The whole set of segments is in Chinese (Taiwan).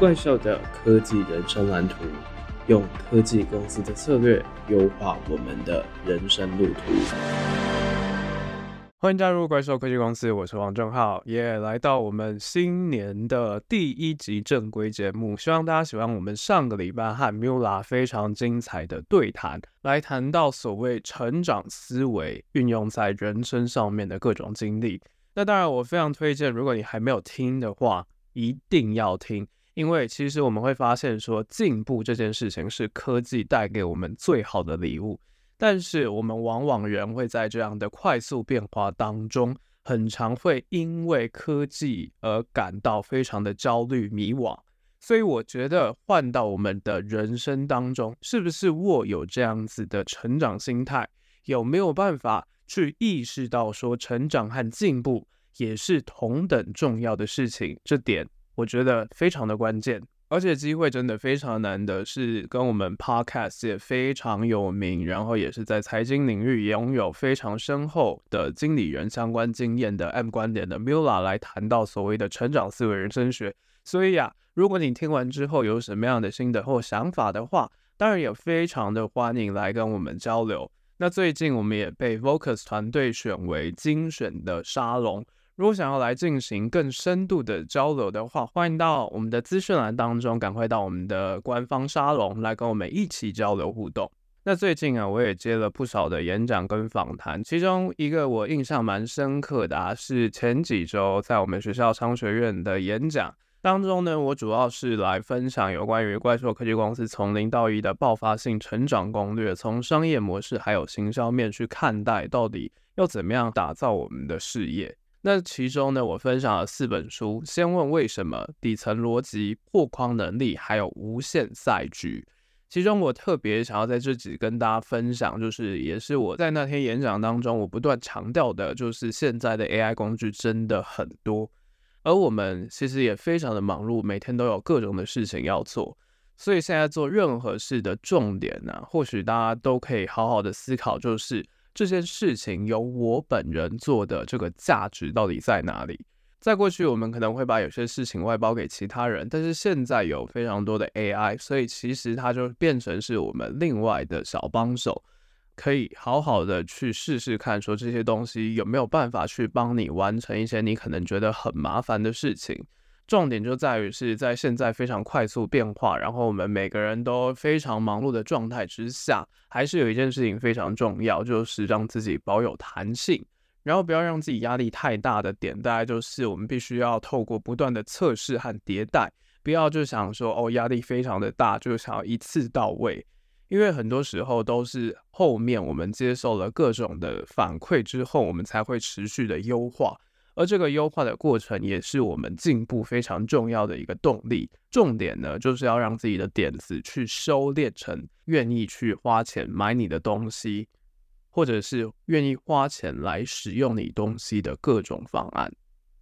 怪獸的科技人生藍圖，用科技公司的策略優化我們的人生路途。歡迎加入怪獸科技公司，我是王正浩，也、yeah, 來到我們新年的第一集正規節目。希望大家喜歡我們上個禮拜和 Mula 非常精彩的對談，來談到所謂成長思維運用在人生上面的各種經歷。那當然，我非常推薦，如果你還沒有聽的話，一定要聽。因為其實我們會發現，說進步這件事情是科技帶給我們最好的禮物，但是我們往往人會在這樣的快速變化當中，很常會因為科技而感到非常的焦慮、迷惘。所以我覺得，換到我們的人生當中，是不是握有這樣子的成長心態，有沒有辦法去意識到說，成長和進步也是同等重要的事情？這點。我覺得非常的關鍵，而且機會真的非常難得。是跟我們 Podcast 也非常有名，然後也是在財經領域擁有非常深厚的經理人相關經驗的 M 觀點的 Miula 來談到所謂的成長思維人生學。所以呀、啊，如果你聽完之後有什麼樣的心得或想法的話，當然也非常的歡迎來跟我們交流。那最近我們也被 Vocus 團隊選為精選的沙龍。如果想要來進行更深度的交流的話，歡迎到我們的資訊欄當中，趕快到我們的官方沙龍來跟我們一起交流互動。那最近啊，我也接了不少的演講跟訪談，其中一個我印象蠻深刻的啊，是前幾週在我們學校商學院的演講當中呢，我主要是來分享有關於怪獸科技公司從零到一的爆發性成長攻略，從商業模式還有行銷面去看待，到底要怎麼樣打造我們的事業。那其中呢，我分享了四本書。先問為什麼、底層邏輯、破框能力，還有無限賽局。其中我特別想要在這集跟大家分享，就是也是我在那天演講當中我不斷強調的，就是現在的 AI 工具真的很多，而我們其實也非常的忙碌，每天都有各種的事情要做。所以現在做任何事的重點呢、啊，或許大家都可以好好的思考，就是。這些事情由我本人做的，這個價值到底在哪裡？在過去，我們可能會把有些事情外包給其他人，但是現在有非常多的 AI，所以其實它就變成是我們另外的小幫手，可以好好的去試試看，說這些東西有沒有辦法去幫你完成一些你可能覺得很麻煩的事情。重點就在於是在現在非常快速變化，然後我們每個人都非常忙碌的狀態之下，還是有一件事情非常重要，就是讓自己保有彈性，然後不要讓自己壓力太大的點，大概就是我們必須要透過不斷的測試和迭代，不要就想說哦，壓力非常的大，就想要一次到位，因為很多時候都是後面我們接受了各種的反饋之後，我們才會持續的優化。而這個優化的過程也是我們進步非常重要的一個動力。重點呢，就是要讓自己的點子去收斂成願意去花錢買你的東西，或者是願意花錢來使用你東西的各種方案。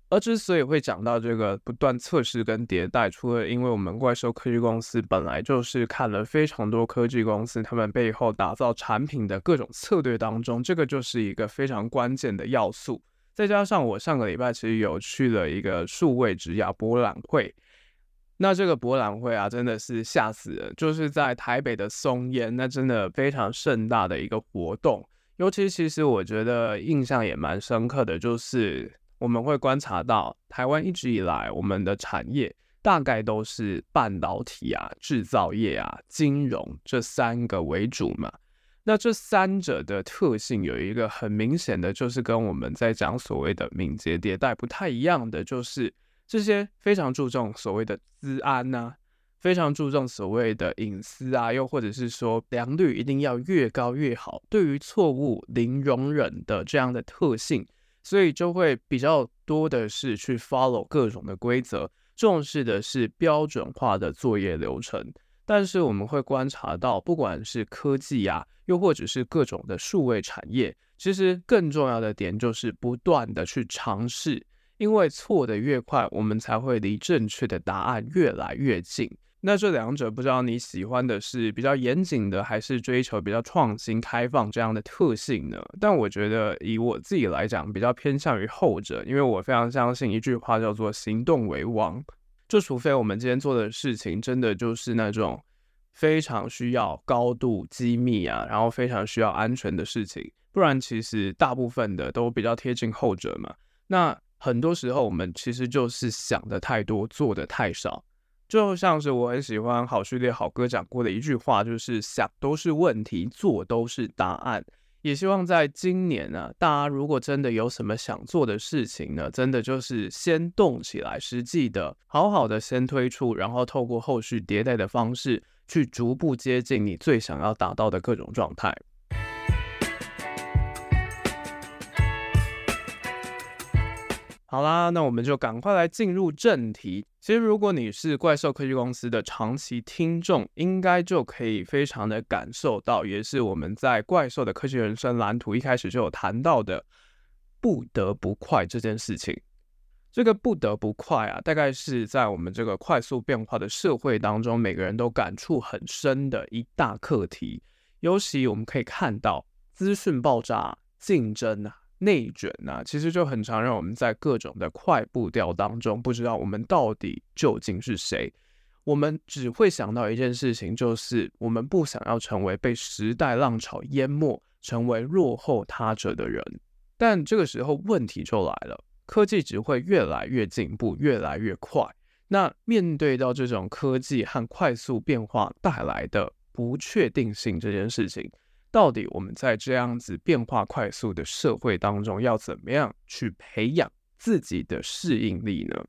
而之所以會講到這個不斷測試跟迭代，除了因為我們怪獸科技公司本來就是看了非常多科技公司他們背後打造產品的各種策略當中，這個就是一個非常關鍵的要素。再加上我上個禮拜其實有去了一個數位職涯博覽會，那這個博覽會啊，真的是嚇死人，就是在台北的松菸，那真的非常盛大的一個活動。尤其其實我覺得印象也蠻深刻的就是，我們會觀察到台灣一直以來我們的產業大概都是半導體啊、製造業啊、金融這三個為主嘛。那這三者的特性有一個很明顯的就是跟我們在講所謂的敏捷迭代不太一樣的，就是這些非常注重所謂的資安呐、啊，非常注重所謂的隱私啊，又或者是說良率一定要越高越好，對於錯誤零容忍的這樣的特性，所以就會比較多的是去 follow 各種的規則，重視的是標準化的作業流程。但是我們會觀察到，不管是科技呀、啊，又或者是各種的數位產業，其實更重要的點就是不斷地去嘗試，因為錯得越快，我們才會離正確的答案越來越近。那這兩者，不知道你喜歡的是比較嚴謹的，還是追求比較創新、開放這樣的特性呢？但我覺得以我自己來講，比較偏向於後者，因為我非常相信一句話，叫做“行動為王”。就除非我們今天做的事情真的就是那種非常需要高度機密啊，然後非常需要安全的事情，不然其實大部分的都比較貼近後者嘛。那很多時候我們其實就是想的太多，做的太少。就像是我很喜歡郝旭烈郝哥講過的一句話，就是想都是問題，做都是答案。也希望在今年呢、啊，大家如果真的有什麼想做的事情呢，真的就是先動起來，實際的，好好的先推出，然後透過後續迭代的方式，去逐步接近你最想要達到的各種狀態。好啦，那我們就趕快來進入正題。其實，如果你是怪獸科技公司的長期聽眾，應該就可以非常的感受到，也是我們在《怪獸的科學人生藍圖》一開始就有談到的“不得不快”這件事情。這個“不得不快”啊，大概是在我們這個快速變化的社會當中，每個人都感觸很深的一大課題。尤其我們可以看到，資訊爆炸，競爭啊。內捲呢、啊，其實就很常讓我們在各種的快步調當中，不知道我們到底究竟是誰。我們只會想到一件事情，就是我們不想要成為被時代浪潮淹沒、成為落後他者的人。但這個時候問題就來了，科技只會越來越進步，越來越快。那面對到這種科技和快速變化帶來的不確定性這件事情。到底我們在這樣子變化快速的社會當中，要怎麼樣去培養自己的適應力呢？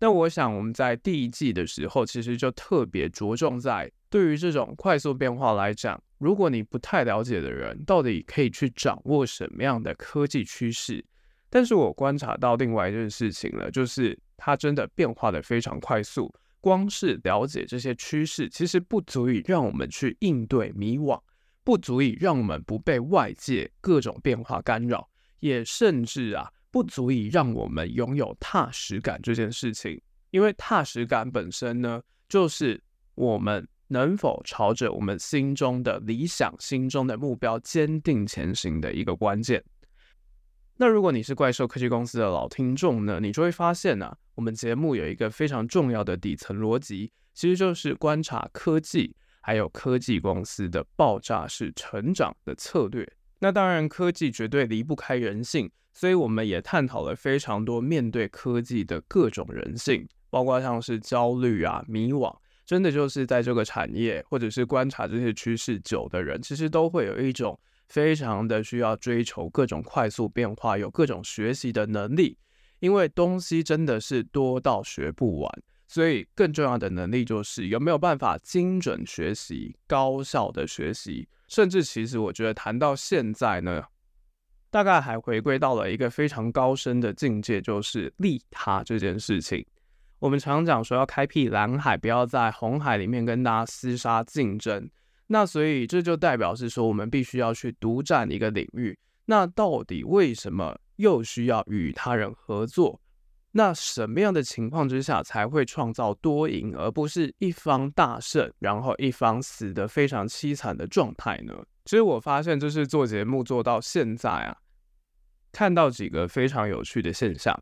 那我想我們在第一季的時候，其實就特別着重在對於這種快速變化來講，如果你不太了解的人，到底可以去掌握什麼樣的科技趨勢？但是我觀察到另外一件事情了，就是它真的變化得非常快速，光是了解這些趨勢，其實不足以讓我們去應對迷惘。不足以讓我們不被外界各種變化干擾，也甚至啊，不足以讓我們擁有踏實感這件事情。因為踏實感本身呢，就是我們能否朝着我們心中的理想、心中的目標堅定前行的一個關鍵。那如果你是怪獸科技公司的老聽眾呢，你就會發現呢、啊，我們節目有一個非常重要的底層邏輯，其實就是觀察科技。還有科技公司的爆炸式成長的策略，那當然科技絕對離不開人性，所以我們也探討了非常多面對科技的各種人性，包括像是焦慮啊、迷惘，真的就是在這個產業或者是觀察這些趨勢久的人，其實都會有一種非常的需要追求各種快速變化，有各種學習的能力，因為東西真的是多到學不完。所以，更重要的能力就是有沒有辦法精準學習、高效的學習。甚至，其實我覺得談到現在呢，大概還回歸到了一個非常高深的境界，就是利他這件事情。我們常常講說要開闢藍海，不要在紅海裡面跟大家厮殺競爭。那所以，這就代表是說，我們必須要去獨占一個領域。那到底為什麼又需要與他人合作？那什麼樣的情況之下才會創造多贏，而不是一方大勝，然後一方死得非常淒慘的狀態呢？其實我發現，就是做節目做到現在啊，看到幾個非常有趣的現象。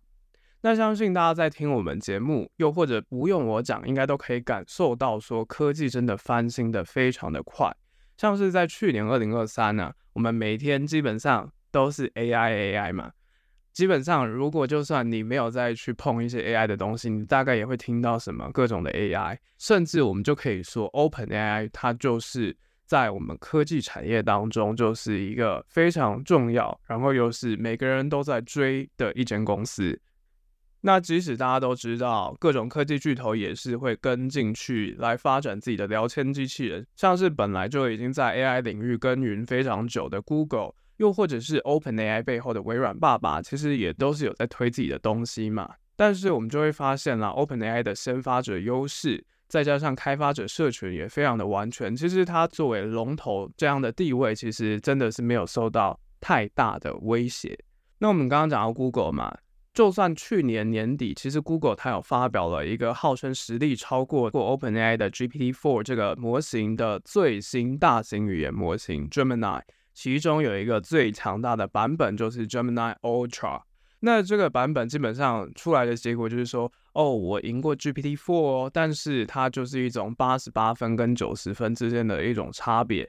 那相信大家在聽我們節目，又或者不用我講，應該都可以感受到，說科技真的翻新的非常的快。像是在去年二零二三呢，我們每天基本上都是 AI AI 嘛。基本上，如果就算你沒有再去碰一些 AI 的東西，你大概也會聽到什麼各種的 AI，甚至我們就可以說，OpenAI 它就是在我們科技產業當中就是一個非常重要，然後又是每個人都在追的一間公司。那即使大家都知道，各種科技巨頭也是會跟進去來發展自己的聊天機器人，像是本來就已經在 AI 領域耕耘非常久的 Google。又或者是 OpenAI 背後的微軟爸爸，其實也都是有在推自己的東西嘛。但是我們就會發現啦，OpenAI 的先發者優勢，再加上開發者社群也非常的完全，其實它作為龍頭這樣的地位，其實真的是沒有受到太大的威脅。那我們剛剛講到 Google 嘛，就算去年年底，其實 Google 它有發表了一個號稱實力超過過 OpenAI 的 GPT-4 這個模型的最新大型語言模型 Gemini。其中有一個最強大的版本就是 Gemini Ultra，那這個版本基本上出來的結果就是說，哦，我贏過 GPT 4，哦，但是它就是一種八十八分跟九十分之間的一種差別。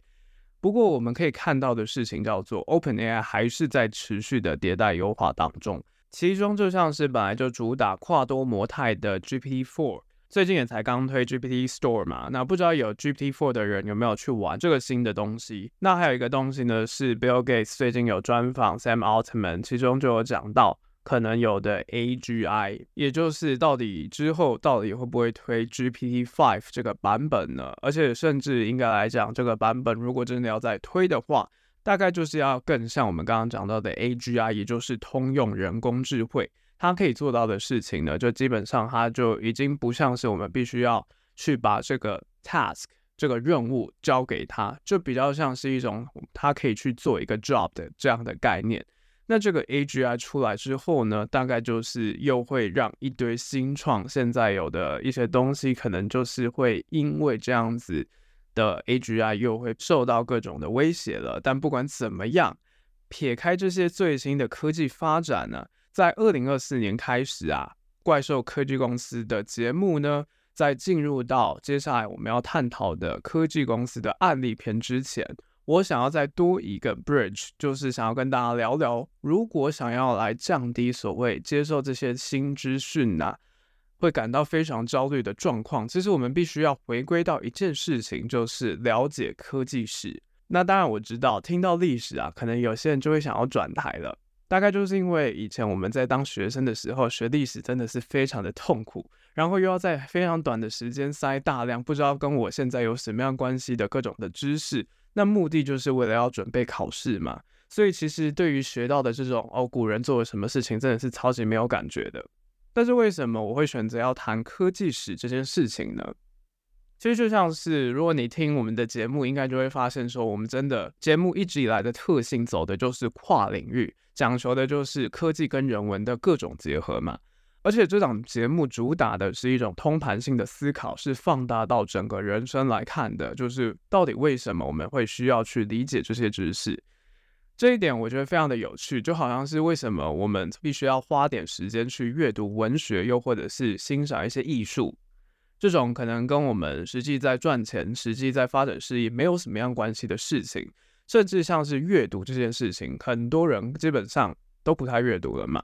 不過我們可以看到的事情叫做 OpenAI 還是在持續的迭代優化當中，其中就像是本來就主打跨多模態的 GPT 4。最近也才剛推 GPT Store 嘛，那不知道有 GPT 4的人有沒有去玩這個新的東西？那還有一個東西呢，是 Bill Gates 最近有專訪 Sam Altman，其中就有講到可能有的 AGI，也就是到底之後到底會不會推 GPT 5這個版本呢？而且甚至應該來講，這個版本如果真的要再推的話，大概就是要更像我們剛剛講到的 AGI，也就是通用人工智慧。它可以做到的事情呢，就基本上它就已經不像是我們必須要去把這個 task 這個任務交給他，就比較像是一種它可以去做一個 job 的這樣的概念。那這個 AGI 出來之後呢，大概就是又會讓一堆新創現在有的一些東西，可能就是會因為這樣子的 AGI 又會受到各種的威脅了。但不管怎麼樣，撇開這些最新的科技發展呢、啊？在二零二四年開始啊，怪獸科技公司的節目呢，在進入到接下來我們要探討的科技公司的案例篇之前，我想要再多一個 bridge，就是想要跟大家聊聊，如果想要來降低所謂接受這些新資訊吶、啊，會感到非常焦慮的狀況，其實我們必須要回歸到一件事情，就是了解科技史。那當然，我知道聽到歷史啊，可能有些人就會想要轉台了。大概就是因為以前我們在當學生的時候，學歷史真的是非常的痛苦，然後又要在非常短的時間塞大量不知道跟我現在有什麼樣關係的各種的知識，那目的就是為了要準備考試嘛。所以其實對於學到的這種哦，古人做了什麼事情真的是超級沒有感覺的。但是為什麼我會選擇要談科技史這件事情呢？其實就像是，如果你聽我們的節目，應該就會發現說我們真的節目一直以來的特性走的就是跨領域，講求的就是科技跟人文的各種結合嘛。而且這檔節目主打的是一種通盤性的思考，是放大到整個人生來看的，就是到底為什麼我們會需要去理解這些知識。這一點我覺得非常的有趣，就好像是為什麼我們必須要花點時間去閱讀文學，又或者是欣賞一些藝術。這種可能跟我們實際在賺錢、實際在發展事業沒有什麼樣關係的事情，甚至像是閱讀這件事情，很多人基本上都不太閱讀了嘛。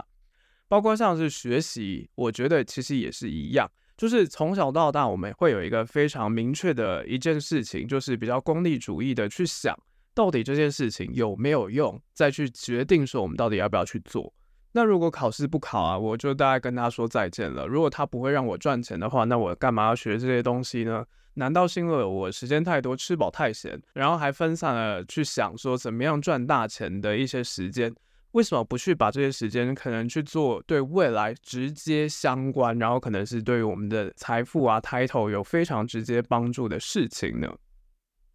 包括像是學習，我覺得其實也是一樣，就是從小到大我們會有一個非常明確的一件事情，就是比較功利主義的去想，到底這件事情有沒有用，再去決定說我們到底要不要去做。那如果考試不考啊，我就大概跟他說再見了。如果他不會讓我賺錢的話，那我幹嘛要學這些東西呢？難道是因為我時間太多，吃飽太閒，然後還分散了去想說怎麼樣賺大錢的一些時間？為什麼不去把這些時間可能去做對未來直接相關，然後可能是對於我們的財富啊、title 有非常直接幫助的事情呢？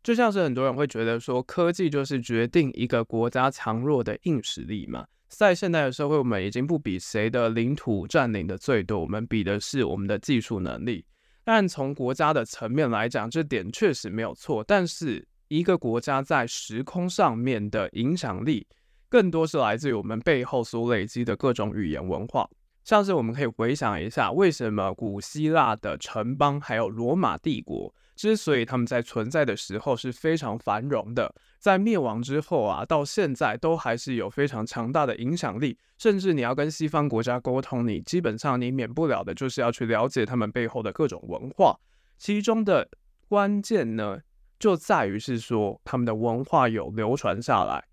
就像是很多人會覺得說，科技就是決定一個國家強弱的硬實力嘛。在現代的社會，我們已經不比誰的領土占領的最多，我們比的是我們的技術能力。但從國家的層面來講，這點確實沒有錯。但是一個國家在時空上面的影響力，更多是來自於我們背後所累積的各種語言文化。像是我們可以回想一下，為什麼古希臘的城邦還有羅馬帝國？之所以他們在存在的時候是非常繁榮的，在滅亡之後啊，到現在都還是有非常強大的影響力。甚至你要跟西方國家溝通，你基本上你免不了的就是要去了解他們背後的各種文化。其中的關鍵呢，就在於是說他們的文化有流傳下來。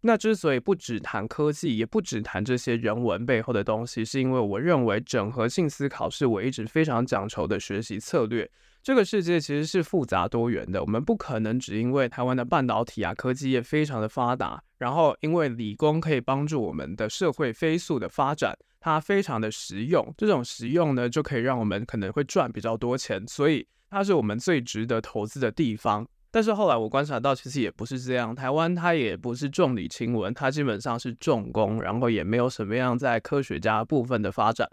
那之所以不只談科技，也不只談這些人文背後的東西，是因為我認為整合性思考是我一直非常講求的學習策略。這個世界其實是複雜多元的，我們不可能只因為台灣的半導體啊、科技業非常的發達，然後因為理工可以幫助我們的社會飛速的發展，它非常的實用。這種實用呢，就可以讓我們可能會賺比較多錢，所以它是我們最值得投資的地方。但是後來我觀察到，其實也不是這樣，台灣它也不是重理輕文，它基本上是重工，然後也沒有什麼樣在科學家部分的發展。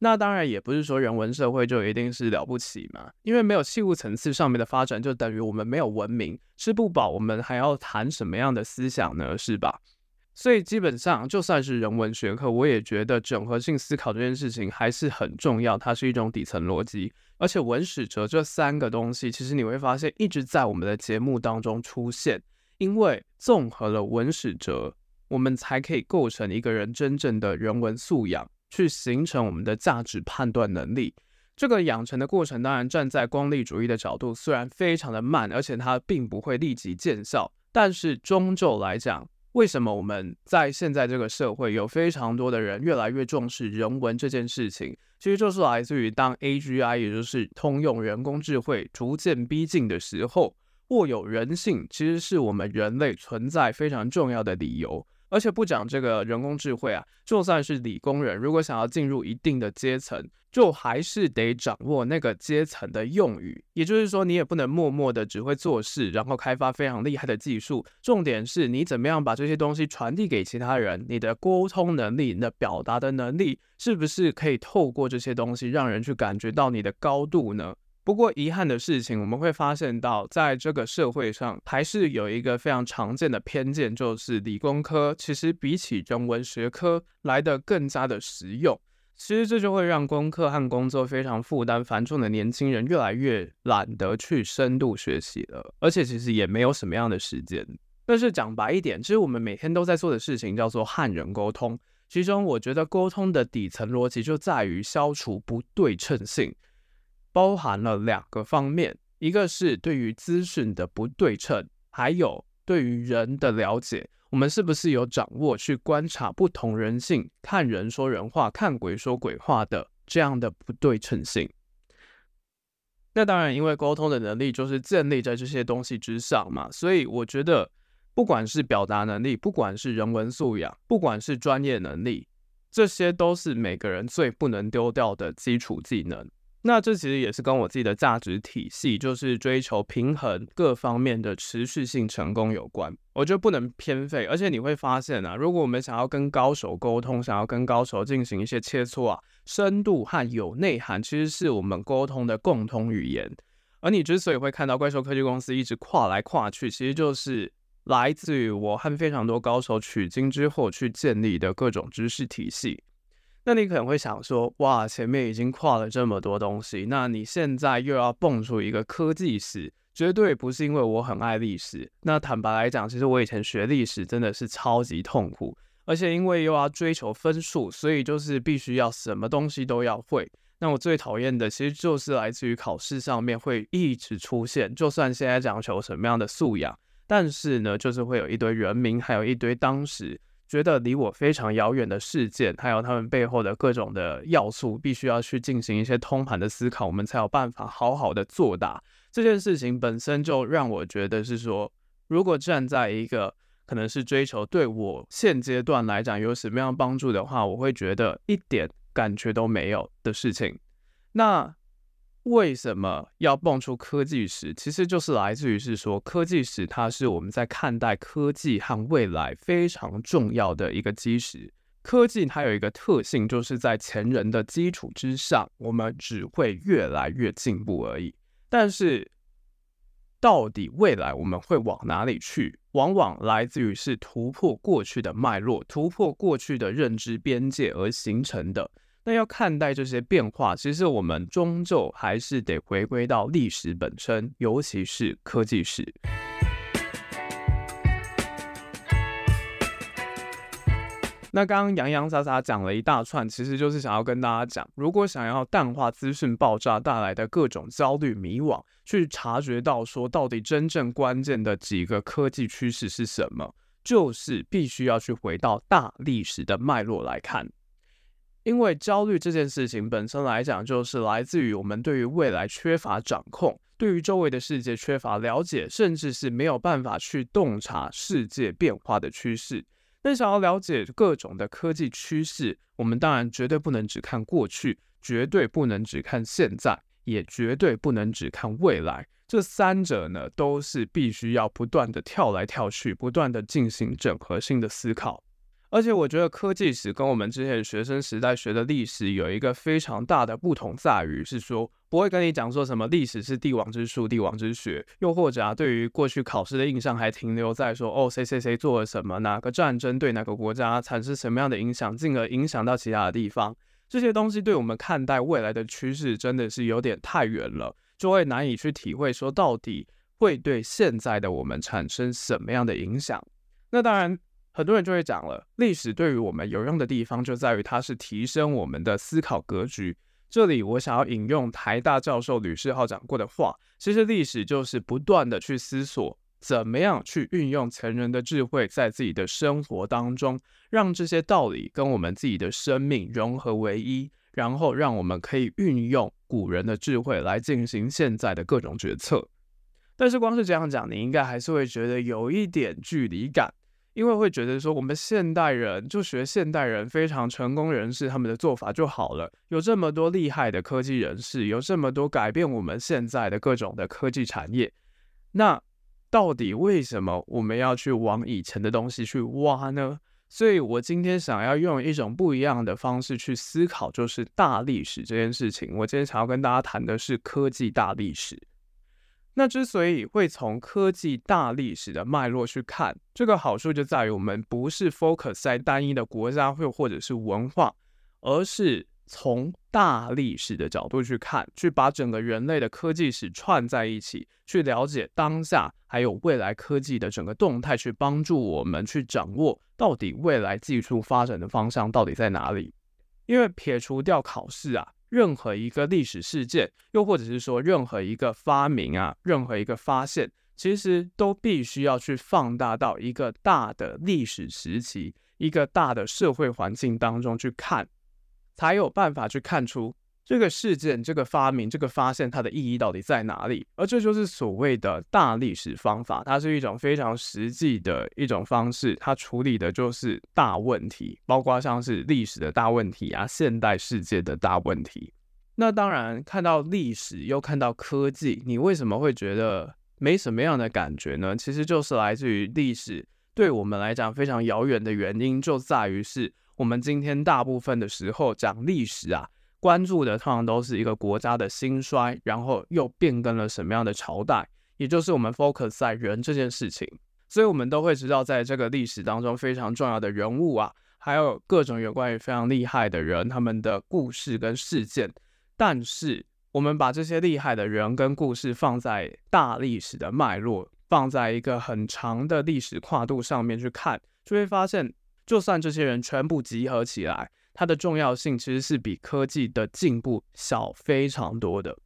那當然也不是說人文社會就一定是了不起嘛，因為沒有器物層次上面的發展，就等於我們沒有文明，吃不飽，我們還要談什麼樣的思想呢？是吧？所以基本上就算是人文學科，我也覺得整合性思考這件事情還是很重要，它是一種底層邏輯。而且文史哲這三個東西，其實你會發現一直在我們的節目當中出現，因為綜合了文史哲，我們才可以構成一個人真正的人文素養。去形成我們的價值判斷能力，這個養成的過程當然站在功利主義的角度，雖然非常的慢，而且它並不會立即見效，但是終究來講，為什麼我們在現在這個社會有非常多的人越來越重視人文這件事情，其實就是來自於當 AGI，也就是通用人工智慧逐漸逼近的時候，握有人性其實是我們人類存在非常重要的理由。而且不講這個人工智慧啊，就算是理工人，如果想要進入一定的階層，就還是得掌握那個階層的用語。也就是說，你也不能默默的只會做事，然後開發非常厲害的技術。重點是你怎麼樣把這些東西傳遞給其他人？你的溝通能力、你的表達的能力，是不是可以透過這些東西讓人去感覺到你的高度呢？不過遺憾的事情，我們會發現到，在這個社會上，還是有一個非常常見的偏見，就是理工科其實比起中文學科來得更加的實用。其實這就會讓功課和工作非常負擔繁重的年輕人越來越懶得去深度學習了，而且其實也沒有什麼樣的時間。但是講白一點，其實我們每天都在做的事情叫做和人溝通，其中我覺得溝通的底層邏輯就在於消除不對稱性。包含了兩個方面，一個是對於資訊的不對稱，還有對於人的了解，我們是不是有掌握去觀察不同人性、看人說人話、看鬼說鬼話的這樣的不對稱性？那當然，因為溝通的能力就是建立在這些東西之上嘛，所以我覺得，不管是表達能力，不管是人文素養，不管是專業能力，這些都是每個人最不能丟掉的基礎技能。那這其實也是跟我自己的價值體系，就是追求平衡各方面的持續性成功有關。我就不能偏廢，而且你會發現啊，如果我們想要跟高手溝通，想要跟高手進行一些切磋啊，深度和有內涵，其實是我們溝通的共同語言。而你之所以會看到怪獸科技公司一直跨來跨去，其實就是來自於我和非常多高手取經之後去建立的各種知識體系。那你可能會想說，哇，前面已經跨了這麼多東西，那你現在又要蹦出一個科技史，絕對不是因為我很愛歷史。那坦白來講，其實我以前學歷史真的是超級痛苦，而且因為又要追求分數，所以就是必須要什麼東西都要會。那我最討厭的，其實就是來自於考試上面會一直出現，就算現在講求什麼樣的素養，但是呢，就是會有一堆人名，還有一堆當時。覺得離我非常遙遠的事件，還有他們背後的各種的要素，必須要去進行一些通盤的思考，我們才有辦法好好的作答。這件事情本身就讓我覺得是說，如果站在一個可能是追求對我現階段來講有什麼樣幫助的話，我會覺得一點感覺都沒有的事情。那。為什麼要蹦出科技史？其實就是來自於是說，科技史它是我們在看待科技和未來非常重要的一個基石。科技它有一個特性，就是在前人的基礎之上，我們只會越來越進步而已。但是，到底未來我們會往哪裡去？往往來自於是突破過去的脈絡，突破過去的認知邊界而形成的。那要看待這些變化，其實我們終究還是得回歸到歷史本身，尤其是科技史。 那剛剛洋洋灑灑講了一大串，其實就是想要跟大家講，如果想要淡化資訊爆炸帶來的各種焦慮迷惘，去察覺到說到底真正關鍵的幾個科技趨勢是什麼，就是必須要去回到大歷史的脈絡來看。因為焦慮這件事情本身來講，就是來自於我們對於未來缺乏掌控，對於周圍的世界缺乏了解，甚至是沒有辦法去洞察世界變化的趨勢。那想要了解各種的科技趨勢，我們當然絕對不能只看過去，絕對不能只看現在，也絕對不能只看未來。這三者呢，都是必須要不斷的跳來跳去，不斷的進行整合性的思考。而且我覺得科技史跟我們之前學生時代學的歷史有一個非常大的不同，在於是說，不會跟你講說什麼歷史是帝王之術、帝王之學，又或者啊，對於過去考試的印象還停留在說哦，誰誰誰做了什麼，哪個戰爭對哪個國家產生什麼樣的影響，進而影響到其他的地方，這些東西對我們看待未來的趨勢真的是有點太遠了，就會難以去體會說到底會對現在的我們產生什麼樣的影響。那當然。很多人就會講了，歷史對於我們有用的地方就在於它是提升我們的思考格局。這裡我想要引用台大教授呂世浩講過的話，其實歷史就是不斷的去思索，怎麼樣去運用前人的智慧，在自己的生活當中，讓這些道理跟我們自己的生命融合為一，然後讓我們可以運用古人的智慧來進行現在的各種決策。但是光是這樣講，你應該還是會覺得有一點距離感。因為會覺得說，我們現代人就學現代人非常成功人士他們的做法就好了。有這麼多厲害的科技人士，有這麼多改變我們現在的各種的科技產業，那到底為什麼我們要去往以前的東西去挖呢？所以我今天想要用一種不一樣的方式去思考，就是大歷史這件事情。我今天想要跟大家談的是科技大歷史。那之所以會從科技大歷史的脈絡去看，這個好處就在於我們不是 focus 在單一的國家或或者是文化，而是從大歷史的角度去看，去把整個人類的科技史串在一起，去了解當下還有未來科技的整個動態，去幫助我們去掌握到底未來技術發展的方向到底在哪裡。因為撇除掉考試啊。任何一個歷史事件，又或者是說任何一個發明啊，任何一個發現，其實都必須要去放大到一個大的歷史時期、一個大的社會環境當中去看，才有辦法去看出，這個事件、這個發明、這個發現，它的意義到底在哪裡？而這就是所謂的大歷史方法，它是一種非常實際的一種方式，它處理的就是大問題，包括像是歷史的大問題啊、現代世界的大問題。那當然，看到歷史又看到科技，你為什麼會覺得沒什麼樣的感覺呢？其實就是來自於歷史對我們來講非常遙遠的原因，就在於是我們今天大部分的時候講歷史啊。關注的通常都是一個國家的興衰，然後又變更了什麼樣的朝代，也就是我們 focus 在人這件事情。所以，我們都會知道，在這個歷史當中非常重要的人物啊，還有各種有關於非常厲害的人他們的故事跟事件。但是，我們把這些厲害的人跟故事放在大歷史的脈絡，放在一個很長的歷史跨度上面去看，就會發現，就算這些人全部集合起來，它的重要性其實是比科技的進步小非常多的。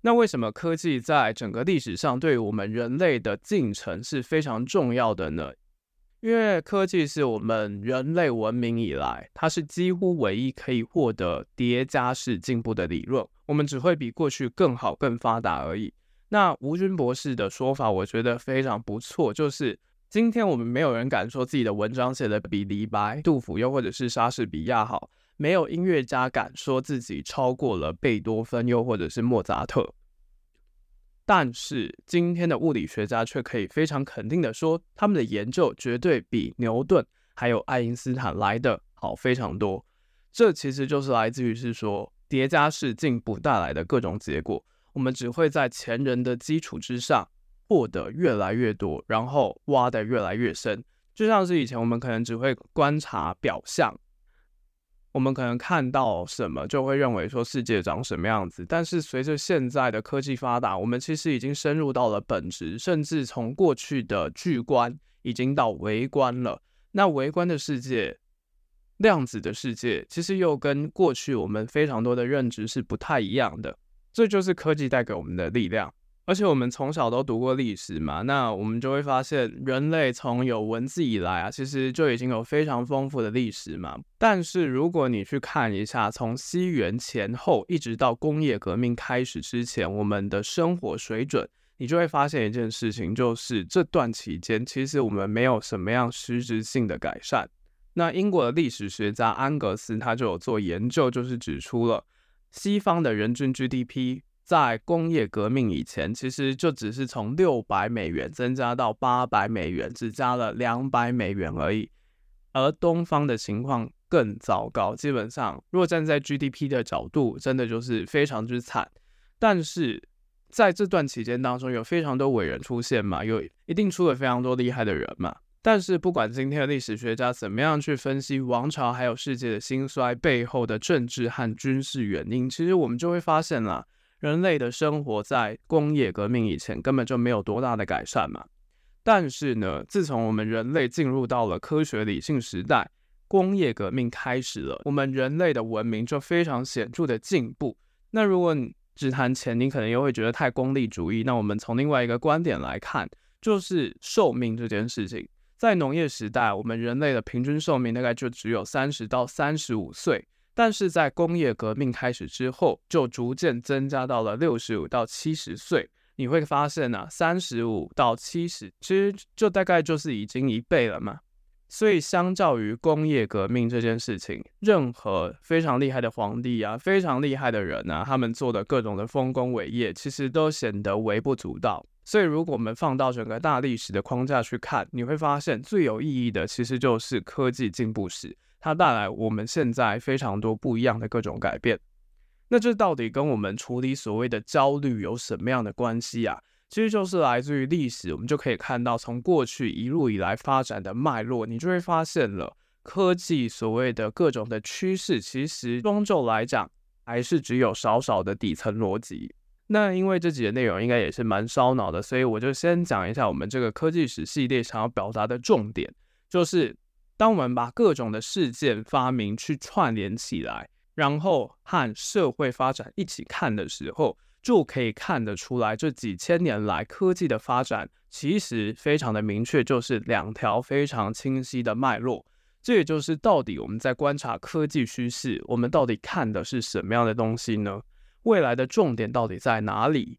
那為什麼科技在整個歷史上對於我們人類的進程是非常重要的呢？因為科技是我們人類文明以來，它是幾乎唯一可以獲得疊加式進步的理論。我們只會比過去更好、更發達而已。那吳軍博士的說法，我覺得非常不錯，就是今天我們沒有人敢說自己的文章寫得比李白、杜甫又或者是莎士比亞好。沒有音樂家敢說自己超過了貝多芬，又或者是莫扎特。但是今天的物理學家卻可以非常肯定地說，他們的研究絕對比牛頓還有愛因斯坦來得好非常多。這其實就是來自於是說疊加式進步帶來的各種結果。我們只會在前人的基礎之上獲得越來越多，然後挖得越來越深。就像是以前我們可能只會觀察表象。我們可能看到什麼，就會認為說世界長什麼樣子。但是隨着現在的科技發達，我們其實已經深入到了本質，甚至從過去的巨觀已經到微觀了。那微觀的世界、量子的世界，其實又跟過去我們非常多的認知是不太一樣的。這就是科技帶給我們的力量。而且我們從小都讀過歷史嘛，那我們就會發現，人類從有文字以來啊，其實就已經有非常豐富的歷史嘛。但是如果你去看一下，從西元前後一直到工業革命開始之前，我們的生活水準，你就會發現一件事情，就是這段期間其實我們沒有什麼樣實質性的改善。那英國的歷史學家安格斯他就有做研究，就是指出了西方的人均 GDP。在工業革命以前，其實就只是從六百美元增加到八百美元，只加了兩百美元而已。而東方的情況更糟糕，基本上如果站在 GDP 的角度，真的就是非常之慘。但是在這段期間當中，有非常多偉人出現嘛，有一定出了非常多厲害的人嘛。但是不管今天的歷史學家怎麼樣去分析王朝還有世界的興衰背後的政治和軍事原因，其實我們就會發現啦。人類的生活在工業革命以前根本就沒有多大的改善嘛。但是呢，自從我們人類進入到了科學理性時代，工業革命開始了，我們人類的文明就非常顯著的進步。那如果你只談錢，你可能又會覺得太功利主義。那我們從另外一個觀點來看，就是壽命這件事情。在農業時代，我們人類的平均壽命大概就只有三十到三十五歲。但是在工業革命開始之後，就逐漸增加到了六十五到七十歲。你會發現啊，三十五到七十，其實就大概就是已經一倍了嘛。所以，相較於工業革命這件事情，任何非常厲害的皇帝啊，非常厲害的人啊，他們做的各種的豐功偉業，其實都顯得微不足道。所以，如果我們放到整個大歷史的框架去看，你會發現最有意義的，其實就是科技進步史。它帶來我們現在非常多不一樣的各種改變，那這到底跟我們處理所謂的焦慮有什麼樣的關係啊？其實就是來自於歷史，我們就可以看到從過去一路以來發展的脈絡，你就會發現了科技所謂的各種的趨勢，其實終究來講還是只有少少的底層邏輯。那因為這幾個內容應該也是蠻燒腦的，所以我就先講一下我們這個科技史系列想要表達的重點，就是。當我們把各種的事件、發明去串聯起來，然後和社會發展一起看的時候，就可以看得出來，這幾千年來科技的發展其實非常的明確，就是兩條非常清晰的脈絡。這也就是到底我們在觀察科技趨勢，我們到底看的是什麼樣的東西呢？未來的重點到底在哪裡？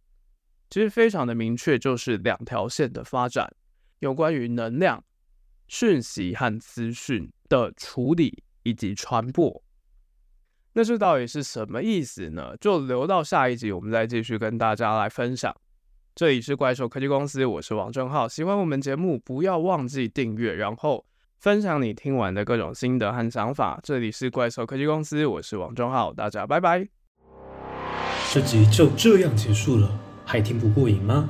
其實非常的明確，就是兩條線的發展，有關於能量、訊息和資訊的處理以及傳播，那這到底是什麼意思呢？就留到下一集，我們再繼續跟大家來分享。這裡是怪獸科技公司，我是王正浩。喜歡我們節目，不要忘記訂閱，然後分享你聽完的各種心得和想法。這裡是怪獸科技公司，我是王正浩，大家拜拜。這集就這樣結束了，還聽不過癮嗎？